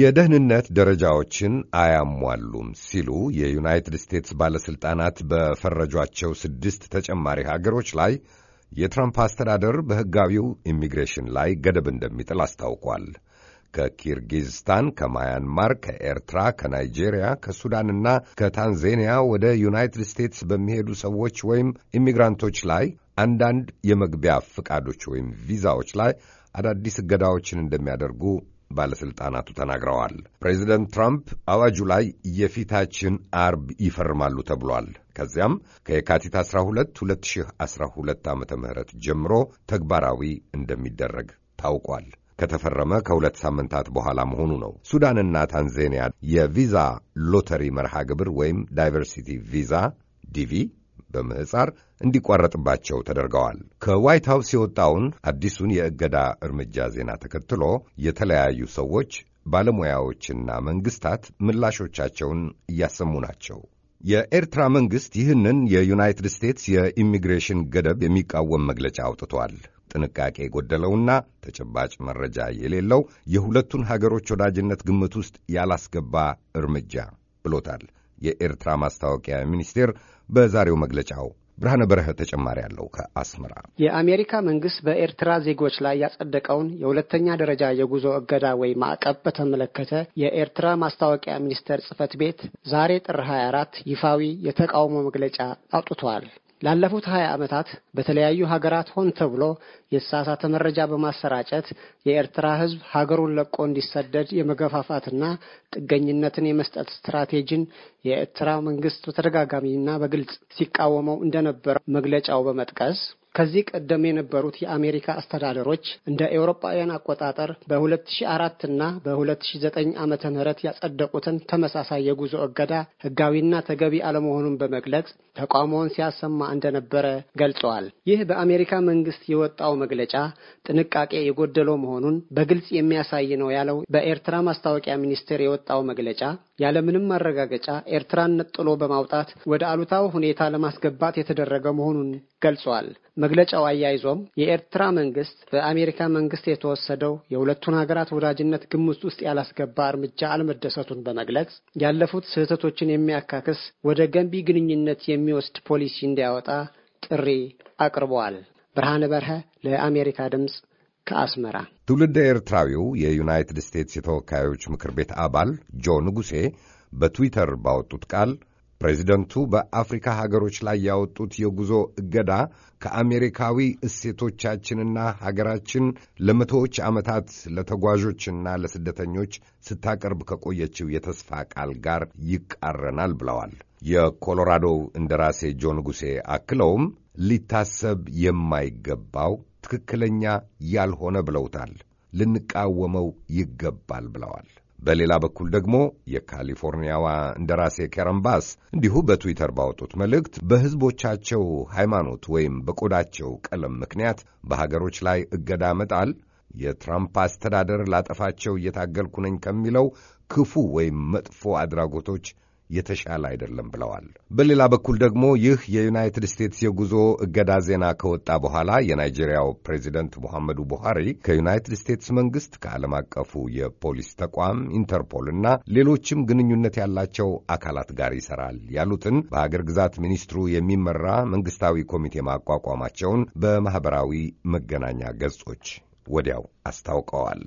የደህንነት ደረጃዎችን አያሟሉም ሲሉ የዩናይትድ ስቴትስ ባለሥልጣናት በፈረጇቸው ስድስት ተጨማሪ ሀገሮች ላይ የትራምፕ አስተዳደር በሕጋዊው ኢሚግሬሽን ላይ ገደብ እንደሚጥል አስታውቋል። ከኪርጊዝስታን፣ ከማያንማር፣ ከኤርትራ፣ ከናይጄሪያ፣ ከሱዳንና ከታንዛኒያ ወደ ዩናይትድ ስቴትስ በሚሄዱ ሰዎች ወይም ኢሚግራንቶች ላይ አንዳንድ የመግቢያ ፍቃዶች ወይም ቪዛዎች ላይ አዳዲስ እገዳዎችን እንደሚያደርጉ ባለሥልጣናቱ ተናግረዋል። ፕሬዚደንት ትራምፕ አዋጁ ላይ የፊታችን አርብ ይፈርማሉ ተብሏል። ከዚያም ከየካቲት 12 2012 ዓ ም ጀምሮ ተግባራዊ እንደሚደረግ ታውቋል። ከተፈረመ ከሁለት ሳምንታት በኋላ መሆኑ ነው። ሱዳንና ታንዛኒያ የቪዛ ሎተሪ መርሃ ግብር ወይም ዳይቨርሲቲ ቪዛ ዲቪ በምህፃር እንዲቋረጥባቸው ተደርገዋል። ከዋይት ሀውስ የወጣውን አዲሱን የእገዳ እርምጃ ዜና ተከትሎ የተለያዩ ሰዎች ባለሙያዎችና መንግስታት ምላሾቻቸውን እያሰሙ ናቸው። የኤርትራ መንግሥት ይህንን የዩናይትድ ስቴትስ የኢሚግሬሽን ገደብ የሚቃወም መግለጫ አውጥቷል። ጥንቃቄ የጎደለውና ተጨባጭ መረጃ የሌለው የሁለቱን ሀገሮች ወዳጅነት ግምት ውስጥ ያላስገባ እርምጃ ብሎታል የኤርትራ ማስታወቂያ ሚኒስቴር በዛሬው መግለጫው ብርሃነ በረኸ ተጨማሪ አለው ከአስመራ። የአሜሪካ መንግስት በኤርትራ ዜጎች ላይ ያጸደቀውን የሁለተኛ ደረጃ የጉዞ እገዳ ወይ ማዕቀብ በተመለከተ የኤርትራ ማስታወቂያ ሚኒስቴር ጽህፈት ቤት ዛሬ ጥር 24 ይፋዊ የተቃውሞ መግለጫ አውጥቷል። ላለፉት 20 ዓመታት በተለያዩ ሀገራት ሆን ተብሎ የተሳሳተ መረጃ በማሰራጨት የኤርትራ ሕዝብ ሀገሩን ለቆ እንዲሰደድ የመገፋፋትና ጥገኝነትን የመስጠት ስትራቴጂን የኤርትራ መንግስት በተደጋጋሚና በግልጽ ሲቃወመው እንደነበረ መግለጫው በመጥቀስ ከዚህ ቀደም የነበሩት የአሜሪካ አስተዳደሮች እንደ ኤውሮፓውያን አቆጣጠር በ2004 እና በ2009 ዓመተ ምህረት ያጸደቁትን ተመሳሳይ የጉዞ እገዳ ህጋዊና ተገቢ አለመሆኑን በመግለጽ ተቃውሞውን ሲያሰማ እንደነበረ ገልጸዋል። ይህ በአሜሪካ መንግስት የወጣው መግለጫ ጥንቃቄ የጎደለው መሆኑን በግልጽ የሚያሳይ ነው ያለው በኤርትራ ማስታወቂያ ሚኒስቴር የወጣው መግለጫ ያለምንም ማረጋገጫ ኤርትራን ነጥሎ በማውጣት ወደ አሉታው ሁኔታ ለማስገባት የተደረገ መሆኑን ገልጿል። መግለጫው አያይዞም የኤርትራ መንግስት በአሜሪካ መንግስት የተወሰደው የሁለቱን ሀገራት ወዳጅነት ግምት ውስጥ ያላስገባ እርምጃ አለመደሰቱን በመግለጽ ያለፉት ስህተቶችን የሚያካክስ ወደ ገንቢ ግንኙነት የሚወስድ ፖሊሲ እንዲያወጣ ጥሪ አቅርበዋል። ብርሃነ በርሀ ለአሜሪካ ድምፅ ከአስመራ ትውልደ ኤርትራዊው የዩናይትድ ስቴትስ የተወካዮች ምክር ቤት አባል ጆ ንጉሴ በትዊተር ባወጡት ቃል ፕሬዚደንቱ በአፍሪካ ሀገሮች ላይ ያወጡት የጉዞ እገዳ ከአሜሪካዊ እሴቶቻችንና ሀገራችን ለመቶዎች ዓመታት ለተጓዦችና ለስደተኞች ስታቀርብ ከቆየችው የተስፋ ቃል ጋር ይቃረናል ብለዋል። የኮሎራዶው እንደራሴ ጆ ንጉሴ አክለውም ሊታሰብ የማይገባው ትክክለኛ ያልሆነ ብለውታል። ልንቃወመው ይገባል ብለዋል። በሌላ በኩል ደግሞ የካሊፎርኒያዋ እንደራሴ ከረን እንዲሁ በትዊተር ባወጡት መልእክት በሕዝቦቻቸው ሃይማኖት ወይም በቆዳቸው ቀለም ምክንያት በሀገሮች ላይ እገዳ መጣል የትራምፕ አስተዳደር ላጠፋቸው እየታገልኩ ነኝ ከሚለው ክፉ ወይም መጥፎ አድራጎቶች የተሻለ አይደለም ብለዋል። በሌላ በኩል ደግሞ ይህ የዩናይትድ ስቴትስ የጉዞ እገዳ ዜና ከወጣ በኋላ የናይጄሪያው ፕሬዚደንት ሙሐመዱ ቡሃሪ ከዩናይትድ ስቴትስ መንግስት፣ ከዓለም አቀፉ የፖሊስ ተቋም ኢንተርፖል እና ሌሎችም ግንኙነት ያላቸው አካላት ጋር ይሰራል ያሉትን በሀገር ግዛት ሚኒስትሩ የሚመራ መንግስታዊ ኮሚቴ ማቋቋማቸውን በማኅበራዊ መገናኛ ገጾች ወዲያው አስታውቀዋል።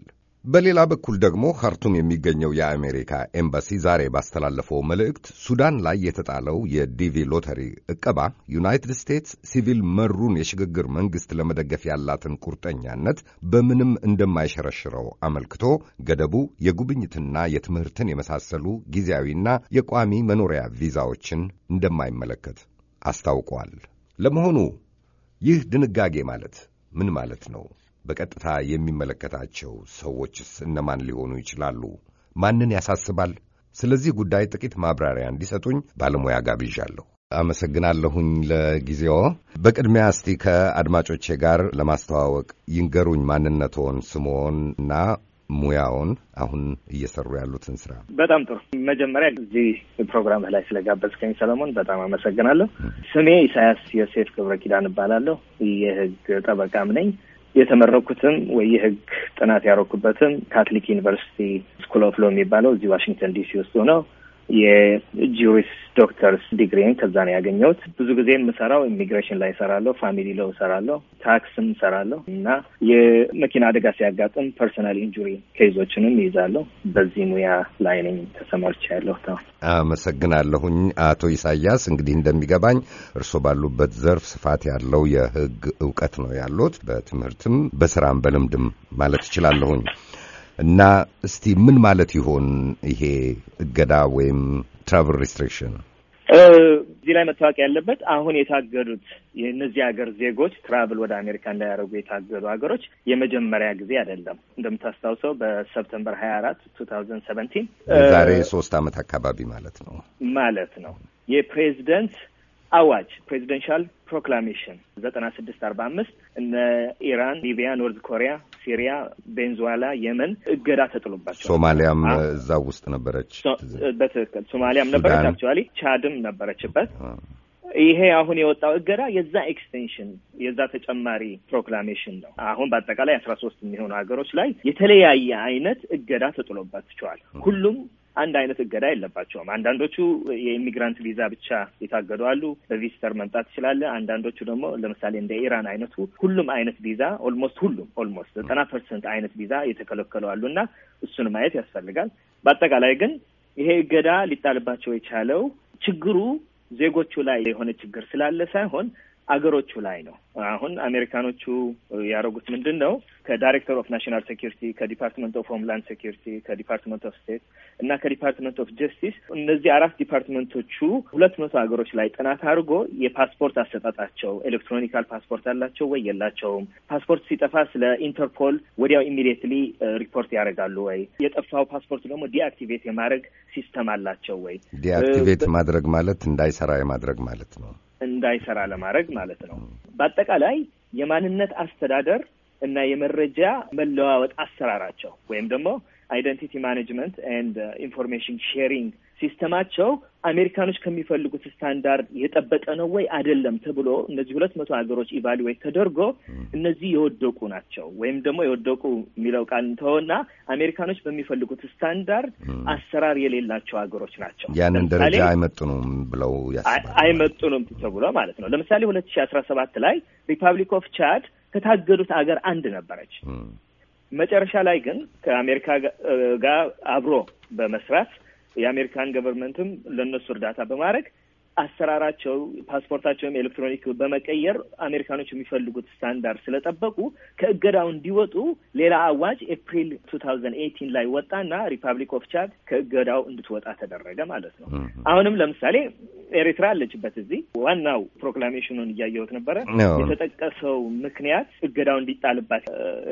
በሌላ በኩል ደግሞ ካርቱም የሚገኘው የአሜሪካ ኤምባሲ ዛሬ ባስተላለፈው መልእክት ሱዳን ላይ የተጣለው የዲቪ ሎተሪ ዕቀባ ዩናይትድ ስቴትስ ሲቪል መሩን የሽግግር መንግሥት ለመደገፍ ያላትን ቁርጠኛነት በምንም እንደማይሸረሽረው አመልክቶ ገደቡ የጉብኝትና የትምህርትን የመሳሰሉ ጊዜያዊና የቋሚ መኖሪያ ቪዛዎችን እንደማይመለከት አስታውቋል። ለመሆኑ ይህ ድንጋጌ ማለት ምን ማለት ነው? በቀጥታ የሚመለከታቸው ሰዎችስ እነማን ሊሆኑ ይችላሉ? ማንን ያሳስባል? ስለዚህ ጉዳይ ጥቂት ማብራሪያ እንዲሰጡኝ ባለሙያ ጋብዣለሁ። አመሰግናለሁኝ ለጊዜዎ። በቅድሚያ እስቲ ከአድማጮቼ ጋር ለማስተዋወቅ ይንገሩኝ ማንነቶን፣ ስምዎን እና ሙያውን አሁን እየሰሩ ያሉትን ስራ። በጣም ጥሩ። መጀመሪያ እዚህ ፕሮግራም ላይ ስለጋበዝከኝ ሰለሞን በጣም አመሰግናለሁ። ስሜ ኢሳያስ ዮሴፍ ገብረ ኪዳን እባላለሁ። የህግ ጠበቃም ነኝ። የተመረኩትም ወይ የህግ ጥናት ያረኩበትም ካትሊክ ዩኒቨርሲቲ ስኩል ኦፍ ሎ የሚባለው እዚህ ዋሽንግተን ዲሲ ውስጥ ሆነው የጁሪስ ዶክተርስ ዲግሪን ከዛ ነው ያገኘሁት። ብዙ ጊዜ የምሰራው ኢሚግሬሽን ላይ እሰራለሁ፣ ፋሚሊ ለው እሰራለሁ፣ ታክስም እሰራለሁ እና የመኪና አደጋ ሲያጋጥም ፐርሰናል ኢንጁሪ ኬዞችንም ይይዛለሁ። በዚህ ሙያ ላይ ነኝ ተሰማርቼ ያለሁት። አመሰግናለሁኝ አቶ ኢሳያስ። እንግዲህ እንደሚገባኝ እርስዎ ባሉበት ዘርፍ ስፋት ያለው የህግ እውቀት ነው ያሉት፣ በትምህርትም በስራም በልምድም ማለት እችላለሁኝ። እና እስቲ ምን ማለት ይሆን ይሄ እገዳ ወይም ትራቨል ሪስትሪክሽን? እዚህ ላይ መታወቅ ያለበት አሁን የታገዱት የእነዚህ ሀገር ዜጎች ትራቭል ወደ አሜሪካ እንዳያደርጉ የታገዱ ሀገሮች የመጀመሪያ ጊዜ አይደለም። እንደምታስታውሰው በሰፕተምበር ሀያ አራት ቱ ታውዘንድ ሰቨንቲን ዛሬ ሶስት አመት አካባቢ ማለት ነው ማለት ነው የፕሬዚደንት አዋጅ ፕሬዚደንሻል ፕሮክላሜሽን ዘጠና ስድስት አርባ አምስት እነ ኢራን፣ ሊቢያ፣ ኖርዝ ኮሪያ ሲሪያ፣ ቬንዙዌላ፣ የመን እገዳ ተጥሎባቸዋል። ሶማሊያም እዛ ውስጥ ነበረች። በትክክል ሶማሊያም ነበረች፣ አክቹዋሊ ቻድም ነበረችበት። ይሄ አሁን የወጣው እገዳ የዛ ኤክስቴንሽን የዛ ተጨማሪ ፕሮክላሜሽን ነው። አሁን በአጠቃላይ አስራ ሶስት የሚሆኑ ሀገሮች ላይ የተለያየ አይነት እገዳ ተጥሎባቸዋል። ሁሉም አንድ አይነት እገዳ የለባቸውም። አንዳንዶቹ የኢሚግራንት ቪዛ ብቻ የታገዱ አሉ። በቪዚተር መምጣት ይችላለ። አንዳንዶቹ ደግሞ ለምሳሌ እንደ ኢራን አይነቱ ሁሉም አይነት ቪዛ ኦልሞስት ሁሉም ኦልሞስት ዘጠና ፐርሰንት አይነት ቪዛ የተከለከሉ አሉ እና እሱን ማየት ያስፈልጋል። በአጠቃላይ ግን ይሄ እገዳ ሊጣልባቸው የቻለው ችግሩ ዜጎቹ ላይ የሆነ ችግር ስላለ ሳይሆን አገሮቹ ላይ ነው። አሁን አሜሪካኖቹ ያደረጉት ምንድን ነው? ከዳይሬክተር ኦፍ ናሽናል ሴኪሪቲ፣ ከዲፓርትመንት ኦፍ ሆምላንድ ሴኪሪቲ፣ ከዲፓርትመንት ኦፍ ስቴት እና ከዲፓርትመንት ኦፍ ጀስቲስ እነዚህ አራት ዲፓርትመንቶቹ ሁለት መቶ ሀገሮች ላይ ጥናት አድርጎ የፓስፖርት አሰጣጣቸው ኤሌክትሮኒካል ፓስፖርት አላቸው ወይ የላቸውም፣ ፓስፖርት ሲጠፋ ስለ ኢንተርፖል ወዲያው ኢሚዲየትሊ ሪፖርት ያደርጋሉ ወይ፣ የጠፋው ፓስፖርት ደግሞ ዲአክቲቬት የማድረግ ሲስተም አላቸው ወይ? ዲአክቲቬት ማድረግ ማለት እንዳይሰራ የማድረግ ማለት ነው። እንዳይሰራ ለማድረግ ማለት ነው። በአጠቃላይ የማንነት አስተዳደር እና የመረጃ መለዋወጥ አሰራራቸው ወይም ደግሞ አይደንቲቲ ማኔጅመንት ኤንድ ኢንፎርሜሽን ሼሪንግ ሲስተማቸው አሜሪካኖች ከሚፈልጉት ስታንዳርድ የጠበቀ ነው ወይ አይደለም ተብሎ እነዚህ ሁለት መቶ ሀገሮች ኢቫሉዌት ተደርጎ እነዚህ የወደቁ ናቸው ወይም ደግሞ የወደቁ የሚለው ቃል እንተውና አሜሪካኖች በሚፈልጉት ስታንዳርድ አሰራር የሌላቸው ሀገሮች ናቸው። ያንን ደረጃ አይመጥኑም ብለው አይመጥኑም ተብሎ ማለት ነው። ለምሳሌ ሁለት ሺ አስራ ሰባት ላይ ሪፐብሊክ ኦፍ ቻድ ከታገዱት ሀገር አንድ ነበረች። መጨረሻ ላይ ግን ከአሜሪካ ጋር አብሮ በመስራት የአሜሪካን ገቨርንመንትም ለእነሱ እርዳታ በማድረግ አሰራራቸው ፓስፖርታቸውም ኤሌክትሮኒክ በመቀየር አሜሪካኖች የሚፈልጉት ስታንዳርድ ስለጠበቁ ከእገዳው እንዲወጡ ሌላ አዋጅ ኤፕሪል ቱ ታውዘንድ ኤይቲን ላይ ወጣና ሪፐብሊክ ኦፍ ቻድ ከእገዳው እንድትወጣ ተደረገ ማለት ነው። አሁንም ለምሳሌ ኤሪትራ አለችበት። እዚህ ዋናው ፕሮክላሜሽኑን እያየሁት ነበረ። የተጠቀሰው ምክንያት እገዳው እንዲጣልባት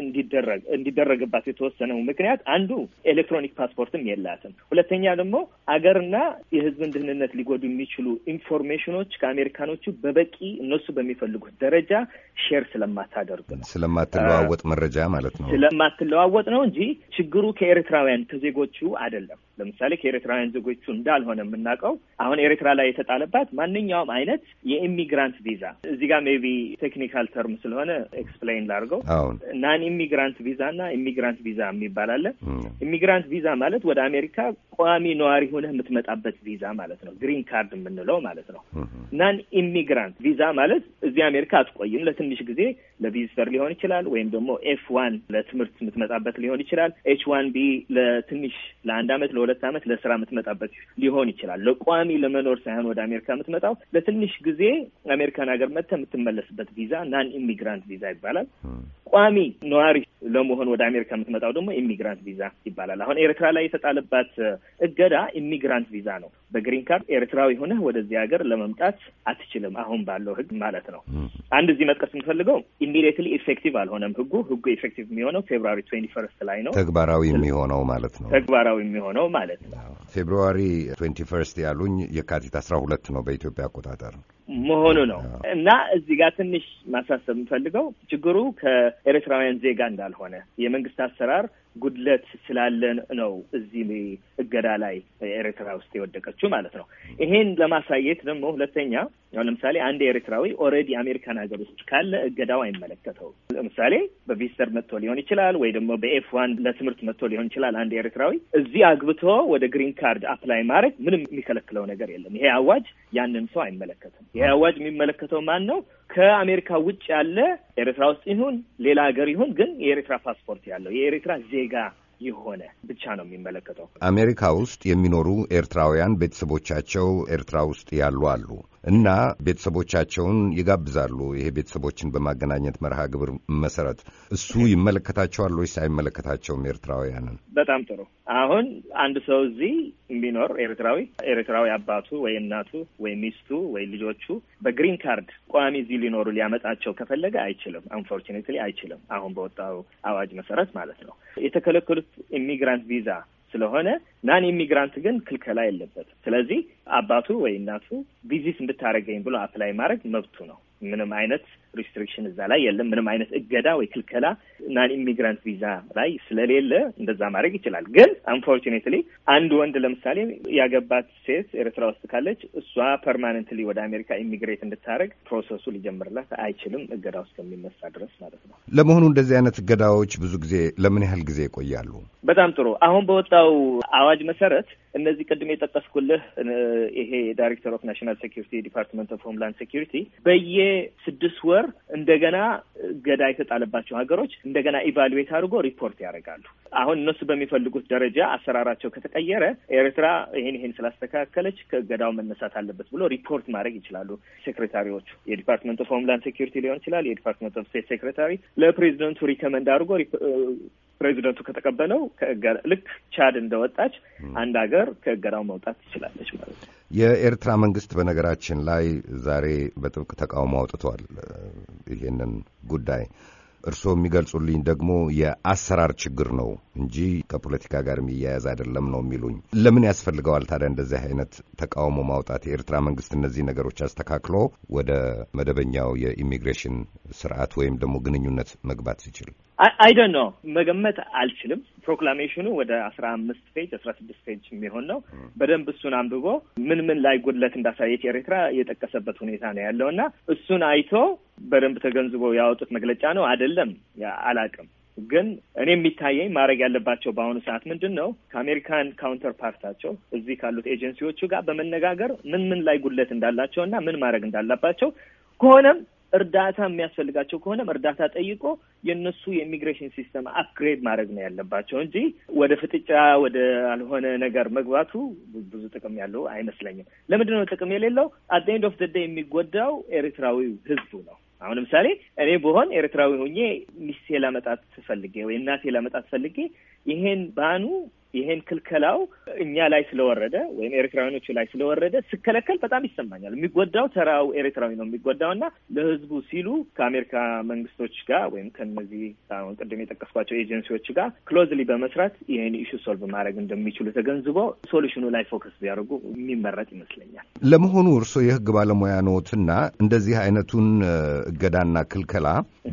እንዲደረግ እንዲደረግባት የተወሰነው ምክንያት አንዱ ኤሌክትሮኒክ ፓስፖርትም የላትም፣ ሁለተኛ ደግሞ አገርና የህዝብን ደህንነት ሊጎዱ የሚችሉ ኢንፎርሜሽኖች ከአሜሪካኖቹ በበቂ እነሱ በሚፈልጉት ደረጃ ሼር ስለማታደርግ ነው፣ ስለማትለዋወጥ መረጃ ማለት ነው፣ ስለማትለዋወጥ ነው እንጂ ችግሩ ከኤርትራውያን ከዜጎቹ አይደለም። ለምሳሌ ከኤርትራውያን ዜጎቹ እንዳልሆነ የምናውቀው አሁን ኤርትራ ላይ የተጣለባት ማንኛውም አይነት የኢሚግራንት ቪዛ እዚህ ጋር ሜቢ ቴክኒካል ተርም ስለሆነ ኤክስፕላይን ላድርገው። ናን ኢሚግራንት ቪዛ እና ኢሚግራንት ቪዛ የሚባል አለ። ኢሚግራንት ቪዛ ማለት ወደ አሜሪካ ቋሚ ነዋሪ ሆነህ የምትመጣበት ቪዛ ማለት ነው። ግሪን ካርድ የምንለው ማለት ነው። ናን ኢሚግራንት ቪዛ ማለት እዚህ አሜሪካ አትቆይም፣ ለትንሽ ጊዜ ለቪዚተር ሊሆን ይችላል፣ ወይም ደግሞ ኤፍ ዋን ለትምህርት የምትመጣበት ሊሆን ይችላል። ኤች ዋን ቢ ለትንሽ ለአንድ አመት ለሁለት ዓመት ለስራ የምትመጣበት ሊሆን ይችላል። ለቋሚ ለመኖር ሳይሆን ወደ አሜሪካ የምትመጣው ለትንሽ ጊዜ አሜሪካን ሀገር መጥተ የምትመለስበት ቪዛ ናን ኢሚግራንት ቪዛ ይባላል። ቋሚ ነዋሪ ለመሆን ወደ አሜሪካ የምትመጣው ደግሞ ኢሚግራንት ቪዛ ይባላል። አሁን ኤርትራ ላይ የተጣለባት እገዳ ኢሚግራንት ቪዛ ነው። በግሪን ካርድ ኤርትራዊ ሆነህ ወደዚህ ሀገር ለመምጣት አትችልም፣ አሁን ባለው ህግ ማለት ነው። አንድ እዚህ መጥቀስ የምፈልገው ኢሚዲየትሊ ኢፌክቲቭ አልሆነም ህጉ። ህጉ ኢፌክቲቭ የሚሆነው ፌብራሪ ትዌንቲ ፈርስት ላይ ነው ተግባራዊ የሚሆነው ማለት ነው። ተግባራዊ የሚሆነው ማለት ነው። ፌብሩዋሪ ትዌንቲ ፈርስት ያሉኝ የካቲት አስራ ሁለት ነው በኢትዮጵያ አቆጣጠር መሆኑ ነው እና እዚህ ጋር ትንሽ ማሳሰብ የምፈልገው ችግሩ ከኤርትራውያን ዜጋ እንዳልሆነ የመንግስት አሰራር ጉድለት ስላለ ነው እዚህ እገዳ ላይ ኤርትራ ውስጥ የወደቀችው ማለት ነው። ይሄን ለማሳየት ደግሞ ሁለተኛ አሁን ለምሳሌ አንድ ኤርትራዊ ኦልሬዲ አሜሪካን ሀገር ውስጥ ካለ እገዳው አይመለከተው። ለምሳሌ በቪስተር መጥቶ ሊሆን ይችላል፣ ወይ ደግሞ በኤፍ ዋን ለትምህርት መጥቶ ሊሆን ይችላል። አንድ ኤርትራዊ እዚህ አግብቶ ወደ ግሪን ካርድ አፕላይ ማድረግ ምንም የሚከለክለው ነገር የለም። ይሄ አዋጅ ያንን ሰው አይመለከትም። ይህ አዋጅ የሚመለከተው ማን ነው? ከአሜሪካ ውጭ ያለ ኤርትራ ውስጥ ይሁን ሌላ ሀገር ይሁን ግን የኤርትራ ፓስፖርት ያለው የኤርትራ ዜጋ የሆነ ብቻ ነው የሚመለከተው። አሜሪካ ውስጥ የሚኖሩ ኤርትራውያን ቤተሰቦቻቸው ኤርትራ ውስጥ ያሉ አሉ። እና ቤተሰቦቻቸውን ይጋብዛሉ። ይሄ ቤተሰቦችን በማገናኘት መርሃ ግብር መሰረት እሱ ይመለከታቸዋል ወይስ አይመለከታቸውም? ኤርትራውያንን በጣም ጥሩ። አሁን አንድ ሰው እዚህ ቢኖር ኤርትራዊ ኤርትራዊ አባቱ ወይ እናቱ ወይ ሚስቱ ወይ ልጆቹ በግሪን ካርድ ቋሚ እዚህ ሊኖሩ ሊያመጣቸው ከፈለገ አይችልም። አንፎርቹኔትሊ አይችልም። አሁን በወጣው አዋጅ መሰረት ማለት ነው። የተከለከሉት ኢሚግራንት ቪዛ ስለሆነ ናን ኢሚግራንት ግን ክልከላ የለበትም። ስለዚህ አባቱ ወይ እናቱ ቪዚት እንድታደረገኝ ብሎ አፕላይ ማድረግ መብቱ ነው። ምንም አይነት ሪስትሪክሽን እዛ ላይ የለም። ምንም አይነት እገዳ ወይ ክልከላ ናን ኢሚግራንት ቪዛ ላይ ስለሌለ እንደዛ ማድረግ ይችላል። ግን አንፎርቹኔትሊ አንድ ወንድ ለምሳሌ ያገባት ሴት ኤርትራ ውስጥ ካለች እሷ ፐርማነንትሊ ወደ አሜሪካ ኢሚግሬት እንድታደረግ ፕሮሰሱ ሊጀምርላት አይችልም፣ እገዳው እስከሚነሳ ድረስ ማለት ነው። ለመሆኑ እንደዚህ አይነት እገዳዎች ብዙ ጊዜ ለምን ያህል ጊዜ ይቆያሉ? በጣም ጥሩ። አሁን በወጣው አዋጅ መሰረት እነዚህ ቅድም የጠቀስኩልህ ይሄ ዳይሬክተር ኦፍ ናሽናል ሴኪሪቲ ዲፓርትመንት ኦፍ ሆምላንድ ሴኪሪቲ በየስድስት ወር ኦዲተር እንደገና ገዳ የተጣለባቸው ሀገሮች እንደገና ኢቫሉዌት አድርጎ ሪፖርት ያደርጋሉ። አሁን እነሱ በሚፈልጉት ደረጃ አሰራራቸው ከተቀየረ ኤርትራ ይሄን ይሄን ስላስተካከለች ከገዳው መነሳት አለበት ብሎ ሪፖርት ማድረግ ይችላሉ። ሴክሬታሪዎቹ የዲፓርትመንት ኦፍ ሆምላንድ ሴኪሪቲ ሊሆን ይችላል፣ የዲፓርትመንት ኦፍ ስቴት ሴክሬታሪ ለፕሬዚደንቱ ሪከመንድ አድርጎ ፕሬዚደንቱ ከተቀበለው ልክ ቻድ እንደወጣች አንድ ሀገር ከእገዳው መውጣት ትችላለች ማለት ነው። የኤርትራ መንግስት በነገራችን ላይ ዛሬ በጥብቅ ተቃውሞ አውጥቷል ይሄንን ጉዳይ እርስዎ የሚገልጹልኝ ደግሞ የአሰራር ችግር ነው እንጂ ከፖለቲካ ጋር የሚያያዝ አይደለም ነው የሚሉኝ። ለምን ያስፈልገዋል ታዲያ እንደዚህ አይነት ተቃውሞ ማውጣት? የኤርትራ መንግስት እነዚህ ነገሮች አስተካክሎ ወደ መደበኛው የኢሚግሬሽን ስርዓት ወይም ደግሞ ግንኙነት መግባት ሲችል አይደን ነው መገመት አልችልም። ፕሮክላሜሽኑ ወደ አስራ አምስት ፔጅ አስራ ስድስት ፔጅ የሚሆን ነው። በደንብ እሱን አንብቦ ምን ምን ላይ ጉድለት እንዳሳየች ኤርትራ የጠቀሰበት ሁኔታ ነው ያለው እና እሱን አይቶ በደንብ ተገንዝበው ያወጡት መግለጫ ነው አይደለም አላቅም። ግን እኔ የሚታየኝ ማድረግ ያለባቸው በአሁኑ ሰዓት ምንድን ነው ከአሜሪካን ካውንተር ፓርታቸው እዚህ ካሉት ኤጀንሲዎቹ ጋር በመነጋገር ምን ምን ላይ ጉድለት እንዳላቸው እና ምን ማድረግ እንዳለባቸው ከሆነም እርዳታ የሚያስፈልጋቸው ከሆነም እርዳታ ጠይቆ የእነሱ የኢሚግሬሽን ሲስተም አፕግሬድ ማድረግ ነው ያለባቸው እንጂ ወደ ፍጥጫ ወደ አልሆነ ነገር መግባቱ ብዙ ጥቅም ያለው አይመስለኝም። ለምንድን ነው ጥቅም የሌለው? አት ኤንድ ኦፍ ዘ ዴይ የሚጎዳው ኤሪትራዊ ህዝቡ ነው። አሁን ለምሳሌ እኔ ብሆን ኤርትራዊ ሆኜ ሚስቴ ላመጣት ፈልጌ ወይ እናቴ ላመጣት ፈልጌ ይሄን ባኑ ይሄን ክልከላው እኛ ላይ ስለወረደ ወይም ኤርትራዊያኖቹ ላይ ስለወረደ ስከለከል በጣም ይሰማኛል። የሚጎዳው ተራው ኤርትራዊ ነው የሚጎዳው እና ለህዝቡ ሲሉ ከአሜሪካ መንግስቶች ጋር ወይም ከነዚህ አሁን ቅድም የጠቀስኳቸው ኤጀንሲዎች ጋር ክሎዝሊ በመስራት ይህን ኢሹ ሶልቭ ማድረግ እንደሚችሉ ተገንዝቦ ሶሉሽኑ ላይ ፎከስ ቢያደርጉ የሚመረጥ ይመስለኛል። ለመሆኑ እርስዎ የህግ ባለሙያ ኖትና እንደዚህ አይነቱን እገዳና ክልከላ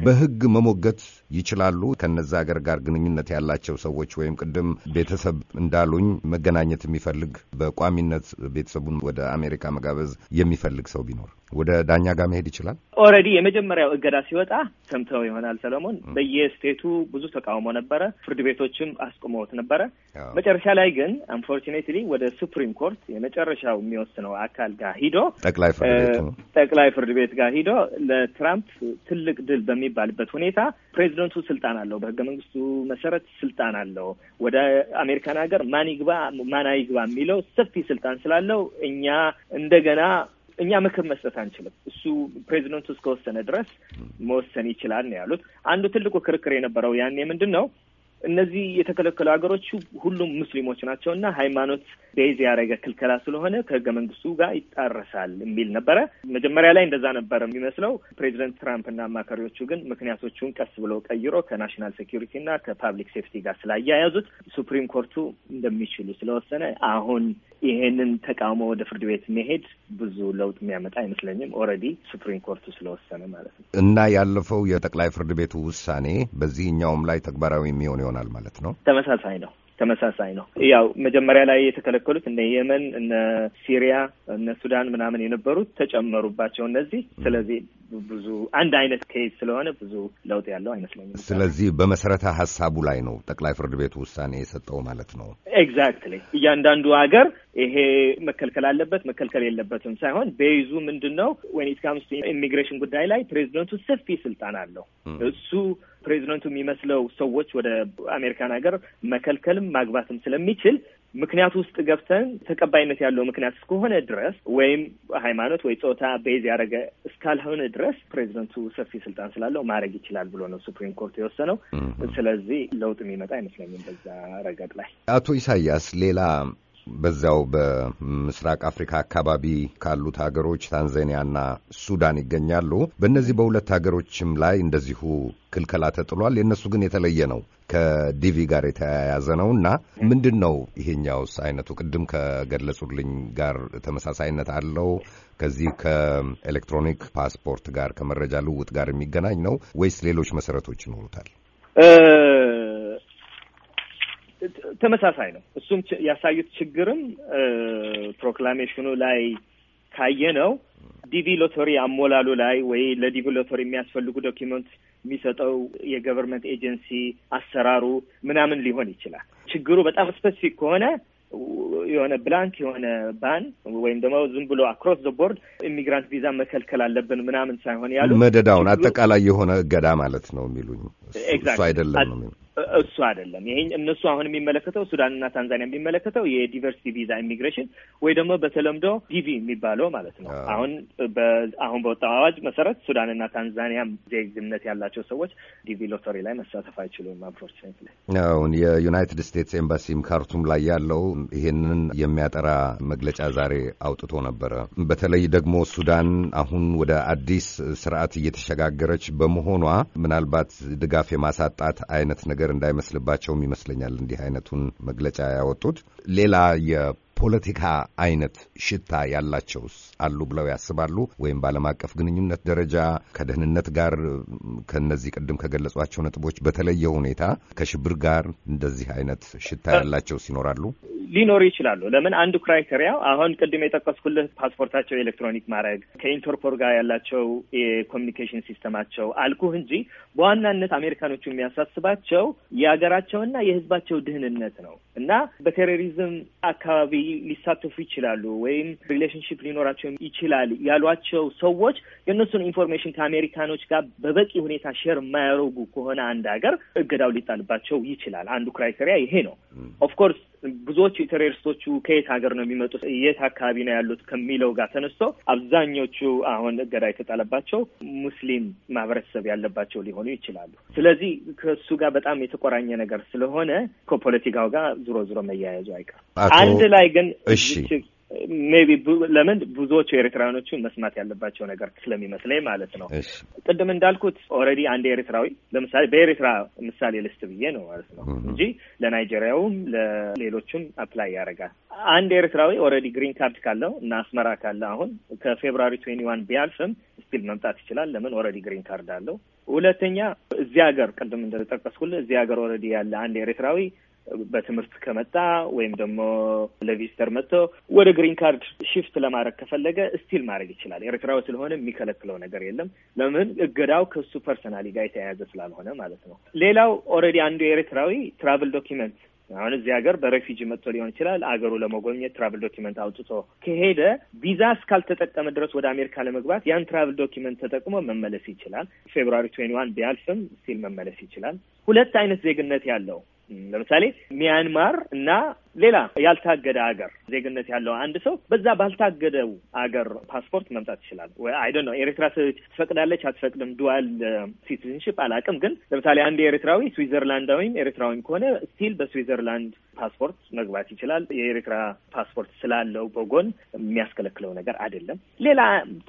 በህግ መሞገት ይችላሉ? ከነዛ ሀገር ጋር ግንኙነት ያላቸው ሰዎች ወይም ቅድም ቤተሰብ እንዳሉኝ መገ መገናኘት የሚፈልግ በቋሚነት ቤተሰቡን ወደ አሜሪካ መጋበዝ የሚፈልግ ሰው ቢኖር ወደ ዳኛ ጋር መሄድ ይችላል። ኦልሬዲ የመጀመሪያው እገዳ ሲወጣ ሰምተው ይሆናል ሰለሞን። በየስቴቱ ብዙ ተቃውሞ ነበረ፣ ፍርድ ቤቶችም አስቆመውት ነበረ። መጨረሻ ላይ ግን አንፎርቹኔትሊ ወደ ሱፕሪም ኮርት የመጨረሻው የሚወስነው አካል ጋር ሂዶ ጠቅላይ ፍርድ ቤት ጠቅላይ ፍርድ ቤት ጋር ሂዶ ለትራምፕ ትልቅ ድል በሚባልበት ሁኔታ ፕሬዚደንቱ ስልጣን አለው፣ በህገ መንግስቱ መሰረት ስልጣን አለው። ወደ አሜሪካን ሀገር ማን ይግባ ማን አይግባ የሚለው ሰፊ ስልጣን ስላለው እኛ እንደገና እኛ ምክር መስጠት አንችልም። እሱ ፕሬዚደንቱ እስከወሰነ ድረስ መወሰን ይችላል ነው ያሉት። አንዱ ትልቁ ክርክር የነበረው ያኔ ምንድን ነው እነዚህ የተከለከሉ ሀገሮች ሁሉም ሙስሊሞች ናቸው እና ሃይማኖት ቤዝ ያደረገ ክልከላ ስለሆነ ከህገ መንግስቱ ጋር ይጣረሳል የሚል ነበረ። መጀመሪያ ላይ እንደዛ ነበር የሚመስለው። ፕሬዚደንት ትራምፕ እና አማካሪዎቹ ግን ምክንያቶቹን ቀስ ብሎ ቀይሮ ከናሽናል ሴኪሪቲ እና ከፓብሊክ ሴፍቲ ጋር ስላያያዙት ሱፕሪም ኮርቱ እንደሚችሉ ስለወሰነ አሁን ይሄንን ተቃውሞ ወደ ፍርድ ቤት መሄድ ብዙ ለውጥ የሚያመጣ አይመስለኝም። ኦልሬዲ ሱፕሪም ኮርቱ ስለወሰነ ማለት ነው እና ያለፈው የጠቅላይ ፍርድ ቤቱ ውሳኔ በዚህኛውም ላይ ተግባራዊ የሚሆን ይሆናል ማለት ነው። ተመሳሳይ ነው ተመሳሳይ ነው። ያው መጀመሪያ ላይ የተከለከሉት እነ የመን፣ እነ ሲሪያ፣ እነ ሱዳን ምናምን የነበሩት ተጨመሩባቸው እነዚህ። ስለዚህ ብዙ አንድ አይነት ኬዝ ስለሆነ ብዙ ለውጥ ያለው አይመስለኝም። ስለዚህ በመሰረተ ሀሳቡ ላይ ነው ጠቅላይ ፍርድ ቤቱ ውሳኔ የሰጠው ማለት ነው። ኤግዛክትሊ እያንዳንዱ ሀገር ይሄ መከልከል አለበት መከልከል የለበትም ሳይሆን በይዙ ምንድን ነው ወይን ኢት ካምስ ኢሚግሬሽን ጉዳይ ላይ ፕሬዚደንቱ ሰፊ ስልጣን አለው እሱ ፕሬዚደንቱ የሚመስለው ሰዎች ወደ አሜሪካን ሀገር መከልከልም ማግባትም ስለሚችል ምክንያቱ ውስጥ ገብተን ተቀባይነት ያለው ምክንያት እስከሆነ ድረስ ወይም ሃይማኖት ወይ ጾታ ቤዝ ያደረገ እስካልሆነ ድረስ ፕሬዚደንቱ ሰፊ ስልጣን ስላለው ማድረግ ይችላል ብሎ ነው ሱፕሪም ኮርት የወሰነው። ስለዚህ ለውጥ የሚመጣ አይመስለኝም በዛ ረገድ ላይ አቶ ኢሳያስ ሌላ በዚያው በምስራቅ አፍሪካ አካባቢ ካሉት ሀገሮች ታንዛኒያና ሱዳን ይገኛሉ። በእነዚህ በሁለት ሀገሮችም ላይ እንደዚሁ ክልከላ ተጥሏል። የእነሱ ግን የተለየ ነው፣ ከዲቪ ጋር የተያያዘ ነው እና ምንድን ነው ይሄኛውስ አይነቱ? ቅድም ከገለጹልኝ ጋር ተመሳሳይነት አለው? ከዚህ ከኤሌክትሮኒክ ፓስፖርት ጋር ከመረጃ ልውውጥ ጋር የሚገናኝ ነው ወይስ ሌሎች መሰረቶች ይኖሩታል? ተመሳሳይ ነው። እሱም ያሳዩት ችግርም ፕሮክላሜሽኑ ላይ ካየ ነው ዲቪ ሎተሪ አሞላሉ ላይ ወይ ለዲቪ ሎተሪ የሚያስፈልጉ ዶኪመንት የሚሰጠው የገቨርንመንት ኤጀንሲ አሰራሩ ምናምን ሊሆን ይችላል። ችግሩ በጣም ስፔሲፊክ ከሆነ የሆነ ብላንክ የሆነ ባን ወይም ደግሞ ዝም ብሎ አክሮስ ዘ ቦርድ ኢሚግራንት ቪዛ መከልከል አለብን ምናምን ሳይሆን ያሉ መደዳውን አጠቃላይ የሆነ እገዳ ማለት ነው የሚሉኝ እሱ አይደለም ነው እሱ አይደለም። ይሄ እነሱ አሁን የሚመለከተው ሱዳንና ታንዛኒያ የሚመለከተው የዲቨርሲቲ ቪዛ ኢሚግሬሽን ወይ ደግሞ በተለምዶ ዲቪ የሚባለው ማለት ነው። አሁን አሁን በወጣው አዋጅ መሰረት ሱዳንና ታንዛኒያ ዜግነት ያላቸው ሰዎች ዲቪ ሎተሪ ላይ መሳተፍ አይችሉም። አንፎርችኔትሊ አሁን የዩናይትድ ስቴትስ ኤምባሲም ካርቱም ላይ ያለው ይሄንን የሚያጠራ መግለጫ ዛሬ አውጥቶ ነበረ። በተለይ ደግሞ ሱዳን አሁን ወደ አዲስ ስርዓት እየተሸጋገረች በመሆኗ ምናልባት ድጋፍ የማሳጣት አይነት ነገር እንዳይመስልባቸውም ይመስለኛል እንዲህ አይነቱን መግለጫ ያወጡት። ሌላ የፖለቲካ አይነት ሽታ ያላቸውስ አሉ ብለው ያስባሉ? ወይም በዓለም አቀፍ ግንኙነት ደረጃ ከደህንነት ጋር ከነዚህ ቅድም ከገለጿቸው ነጥቦች በተለየ ሁኔታ ከሽብር ጋር እንደዚህ አይነት ሽታ ያላቸውስ ይኖራሉ? ሊኖሩ ይችላሉ። ለምን አንዱ ክራይቴሪያ አሁን ቅድም የጠቀስኩልህ ፓስፖርታቸው ኤሌክትሮኒክ ማድረግ ከኢንተርፖል ጋር ያላቸው የኮሚኒኬሽን ሲስተማቸው አልኩህ እንጂ በዋናነት አሜሪካኖቹ የሚያሳስባቸው የሀገራቸውና የሕዝባቸው ድህንነት ነው እና በቴሮሪዝም አካባቢ ሊሳተፉ ይችላሉ ወይም ሪሌሽንሽፕ ሊኖራቸው ይችላል ያሏቸው ሰዎች የእነሱን ኢንፎርሜሽን ከአሜሪካኖች ጋር በበቂ ሁኔታ ሼር የማያደርጉ ከሆነ አንድ ሀገር እገዳው ሊጣልባቸው ይችላል። አንዱ ክራይቴሪያ ይሄ ነው። ኦፍኮርስ ብዙዎቹ ቴሮሪስቶቹ ከየት ሀገር ነው የሚመጡት፣ የት አካባቢ ነው ያሉት ከሚለው ጋር ተነስቶ አብዛኞቹ አሁን እገዳ የተጣለባቸው ሙስሊም ማህበረሰብ ያለባቸው ሊሆኑ ይችላሉ። ስለዚህ ከእሱ ጋር በጣም የተቆራኘ ነገር ስለሆነ ከፖለቲካው ጋር ዙሮ ዙሮ መያያዙ አይቀርም። አንድ ላይ ግን እሺ ሜቢ ለምን ብዙዎቹ ኤርትራውያኖቹን መስማት ያለባቸው ነገር ስለሚመስለኝ ማለት ነው። ቅድም እንዳልኩት ኦልሬዲ አንድ ኤርትራዊ ለምሳሌ በኤርትራ ምሳሌ ልስት ብዬ ነው ማለት ነው እንጂ ለናይጄሪያውም ለሌሎቹም አፕላይ ያደርጋል። አንድ ኤርትራዊ ኦልሬዲ ግሪን ካርድ ካለው እና አስመራ ካለ አሁን ከፌብራሪ ትዌንቲ ዋን ቢያልፍም ስቲል መምጣት ይችላል። ለምን ኦልሬዲ ግሪን ካርድ አለው። ሁለተኛ እዚህ ሀገር ቅድም እንደጠቀስኩልህ እዚህ ሀገር ኦልሬዲ ያለ አንድ ኤርትራዊ በትምህርት ከመጣ ወይም ደግሞ ለቪዚተር መጥቶ ወደ ግሪን ካርድ ሽፍት ለማድረግ ከፈለገ ስቲል ማድረግ ይችላል። ኤርትራዊ ስለሆነ የሚከለክለው ነገር የለም። ለምን እገዳው ከሱ ፐርሰናሊ ጋር የተያያዘ ስላልሆነ ማለት ነው። ሌላው ኦልሬዲ አንዱ ኤርትራዊ ትራቭል ዶኪመንት አሁን እዚህ ሀገር በሬፊጂ መጥቶ ሊሆን ይችላል። አገሩ ለመጎብኘት ትራቭል ዶኪመንት አውጥቶ ከሄደ ቪዛ እስካልተጠቀመ ድረስ ወደ አሜሪካ ለመግባት ያን ትራቭል ዶኪመንት ተጠቅሞ መመለስ ይችላል። ፌብሩዋሪ ትዌንቲ ዋን ቢያልፍም ስቲል መመለስ ይችላል። ሁለት አይነት ዜግነት ያለው ለምሳሌ ሚያንማር እና ሌላ ያልታገደ አገር ዜግነት ያለው አንድ ሰው በዛ ባልታገደው አገር ፓስፖርት መምጣት ይችላል። አይደ ነው ኤርትራ ትፈቅዳለች አትፈቅድም፣ ዱዋል ሲቲዝንሽፕ አላውቅም። ግን ለምሳሌ አንድ ኤርትራዊ ስዊዘርላንዳዊም ኤርትራዊም ከሆነ ስቲል በስዊዘርላንድ ፓስፖርት መግባት ይችላል። የኤርትራ ፓስፖርት ስላለው በጎን የሚያስከለክለው ነገር አይደለም። ሌላ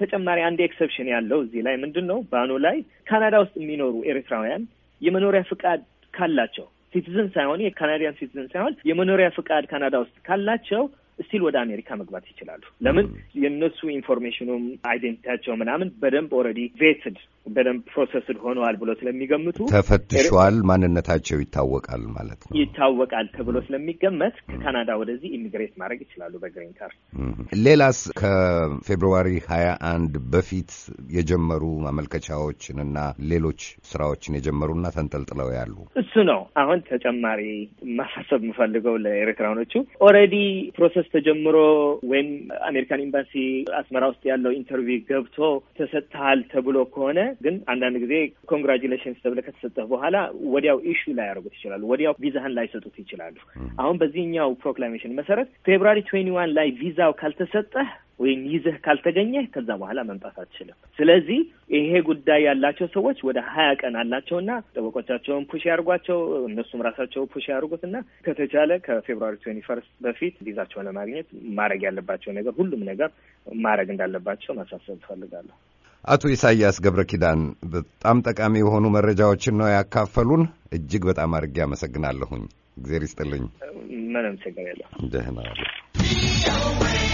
ተጨማሪ አንድ ኤክሰፕሽን ያለው እዚህ ላይ ምንድን ነው ባኖ ላይ ካናዳ ውስጥ የሚኖሩ ኤርትራውያን የመኖሪያ ፍቃድ ካላቸው ሲቲዝን ሳይሆን የካናዲያን ሲቲዝን ሳይሆን የመኖሪያ ፍቃድ ካናዳ ውስጥ ካላቸው ስቲል ወደ አሜሪካ መግባት ይችላሉ። ለምን የእነሱ ኢንፎርሜሽኑም አይዴንቲቲያቸው ምናምን በደንብ ኦልሬዲ ቬትድ በደንብ ፕሮሰስድ ሆነዋል ብሎ ስለሚገምቱ ተፈትሸዋል፣ ማንነታቸው ይታወቃል ማለት ነው ይታወቃል ተብሎ ስለሚገመት ከካናዳ ወደዚህ ኢሚግሬት ማድረግ ይችላሉ በግሪን ካርድ። ሌላስ ከፌብርዋሪ ሀያ አንድ በፊት የጀመሩ ማመልከቻዎችንና ሌሎች ስራዎችን የጀመሩና ተንጠልጥለው ያሉ እሱ ነው። አሁን ተጨማሪ ማሳሰብ የምፈልገው ለኤርትራኖቹ ኦልሬዲ ፕሮሰስ ተጀምሮ ወይም አሜሪካን ኤምባሲ አስመራ ውስጥ ያለው ኢንተርቪው ገብቶ ተሰጥተሃል ተብሎ ከሆነ ግን አንዳንድ ጊዜ ኮንግራጁሌሽንስ ተብለ ከተሰጠህ በኋላ ወዲያው ኢሹ ላይ ያደርጉት ይችላሉ። ወዲያው ቪዛህን ላይሰጡት ይችላሉ። አሁን በዚህኛው ፕሮክላሜሽን መሰረት ፌብራሪ ትዌንቲ ዋን ላይ ቪዛው ካልተሰጠህ ወይም ይዘህ ካልተገኘ ከዛ በኋላ መምጣት አትችልም። ስለዚህ ይሄ ጉዳይ ያላቸው ሰዎች ወደ ሀያ ቀን አላቸውና ጠበቆቻቸውን ፑሽ ያርጓቸው፣ እነሱም ራሳቸው ፑሽ ያርጉት እና ከተቻለ ከፌብሩዋሪ ትዌንቲ ፈርስት በፊት ቪዛቸውን ለማግኘት ማድረግ ያለባቸው ነገር ሁሉም ነገር ማድረግ እንዳለባቸው ማሳሰብ ትፈልጋለሁ። አቶ ኢሳያስ ገብረ ኪዳን በጣም ጠቃሚ የሆኑ መረጃዎችን ነው ያካፈሉን። እጅግ በጣም አድርጌ አመሰግናለሁኝ። እግዜር ይስጥልኝ። ምንም ችግር የለም። ደህና